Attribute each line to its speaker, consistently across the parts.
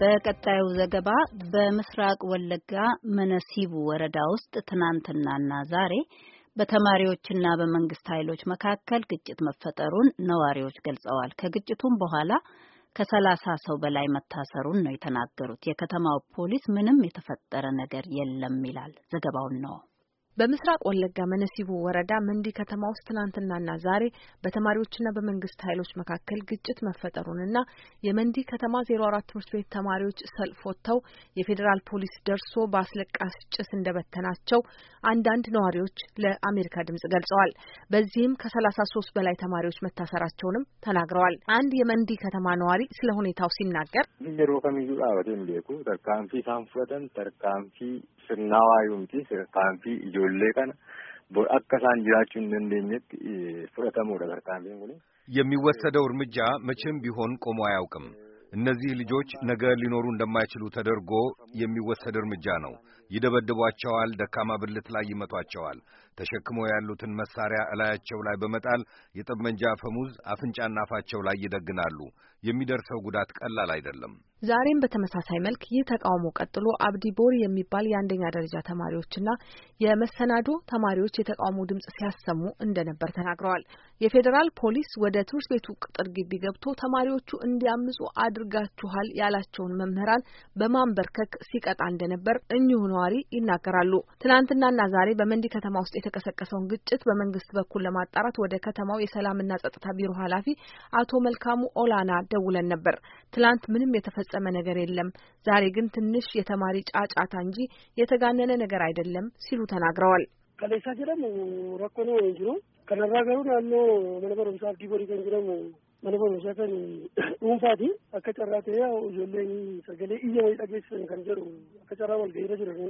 Speaker 1: በቀጣዩ ዘገባ በምስራቅ ወለጋ መነሲቡ ወረዳ ውስጥ ትናንትናና ዛሬ በተማሪዎችና በመንግስት ኃይሎች መካከል ግጭት መፈጠሩን ነዋሪዎች ገልጸዋል። ከግጭቱም በኋላ ከሰላሳ ሰው በላይ መታሰሩን ነው የተናገሩት። የከተማው ፖሊስ ምንም የተፈጠረ ነገር የለም ይላል። ዘገባውን ነው
Speaker 2: በምስራቅ ወለጋ መነሲቡ ወረዳ መንዲ ከተማ ውስጥ ትናንትናና ዛሬ በተማሪዎችና በመንግስት ኃይሎች መካከል ግጭት መፈጠሩንና የመንዲ ከተማ ዜሮ አራት ትምህርት ቤት ተማሪዎች ሰልፍ ወጥተው የፌዴራል ፖሊስ ደርሶ በአስለቃሽ ጭስ እንደበተናቸው አንዳንድ ነዋሪዎች ለአሜሪካ ድምጽ ገልጸዋል። በዚህም ከሰላሳ ሶስት በላይ ተማሪዎች መታሰራቸውንም ተናግረዋል። አንድ የመንዲ ከተማ ነዋሪ ስለ ሁኔታው ሲናገር
Speaker 3: ተርካንፊ ሳንፈተን ተርካንፊ ስናዋዩምቲ ijoollee kana akka isaan jiraachuu hin dandeenyetti fudhatamuudha tarkaanfiin kun. የሚወሰደው እርምጃ መቼም ቢሆን ቆሞ አያውቅም። እነዚህ ልጆች ነገ ሊኖሩ እንደማይችሉ ተደርጎ የሚወሰድ እርምጃ ነው። ይደበድቧቸዋል፣ ደካማ ብልት ላይ ይመቷቸዋል። ተሸክሞ ያሉትን መሳሪያ እላያቸው ላይ በመጣል የጠመንጃ አፈሙዝ አፍንጫና አፋቸው ላይ ይደግናሉ። የሚደርሰው ጉዳት ቀላል አይደለም።
Speaker 2: ዛሬም በተመሳሳይ መልክ ይህ ተቃውሞ ቀጥሎ አብዲ ቦር የሚባል የአንደኛ ደረጃ ተማሪዎችና የመሰናዶ ተማሪዎች የተቃውሞ ድምጽ ሲያሰሙ እንደነበር ተናግረዋል። የፌዴራል ፖሊስ ወደ ትምህርት ቤቱ ቅጥር ግቢ ገብቶ ተማሪዎቹ እንዲያምፁ አድርጋችኋል ያላቸውን መምህራን በማንበርከክ ሲቀጣ እንደነበር እኚሁ ነዋሪ ይናገራሉ። ትናንትናና ዛሬ በመንዲ ከተማ ውስጥ የተቀሰቀሰውን ግጭት በመንግስት በኩል ለማጣራት ወደ ከተማው የሰላምና ጸጥታ ቢሮ ኃላፊ አቶ መልካሙ ኦላና ደውለን ነበር። ትላንት ምንም የተፈጸመ ነገር የለም፣ ዛሬ ግን ትንሽ የተማሪ ጫጫታ እንጂ የተጋነነ ነገር አይደለም ሲሉ ተናግረዋል።
Speaker 1: Kanarraa garuu naannoo mana barumsaa abdii diikorii kan jedhamu mana barumsaa kan dhuunfaati. Akka carraa ta'ee ijoolleen sagalee iyya wayii dhageessisan kan jedhu akka carraa wal walgahiirra jiran.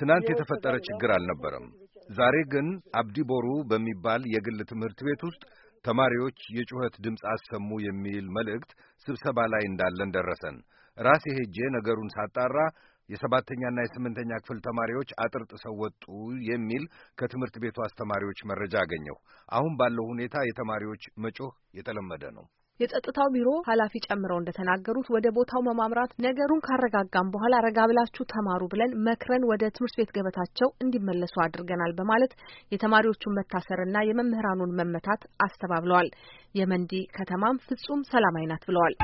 Speaker 3: ትናንት የተፈጠረ ችግር አልነበረም። ዛሬ ግን አብዲ ቦሩ በሚባል የግል ትምህርት ቤት ውስጥ ተማሪዎች የጩኸት ድምፅ አሰሙ የሚል መልእክት ስብሰባ ላይ እንዳለን ደረሰን። ራሴ ሄጄ ነገሩን ሳጣራ የሰባተኛና የስምንተኛ ክፍል ተማሪዎች አጥር ጥሰው ወጡ የሚል ከትምህርት ቤቱ አስተማሪዎች መረጃ አገኘሁ። አሁን ባለው ሁኔታ የተማሪዎች መጮህ የተለመደ ነው።
Speaker 2: የጸጥታው ቢሮ ኃላፊ ጨምረው እንደተናገሩት ወደ ቦታው መማምራት ነገሩን ካረጋጋም በኋላ ረጋ ብላችሁ ተማሩ ብለን መክረን ወደ ትምህርት ቤት ገበታቸው እንዲመለሱ አድርገናል በማለት የተማሪዎቹን መታሰርና የመምህራኑን መመታት አስተባብለዋል። የመንዲ ከተማም ፍጹም ሰላም አይናት ብለዋል።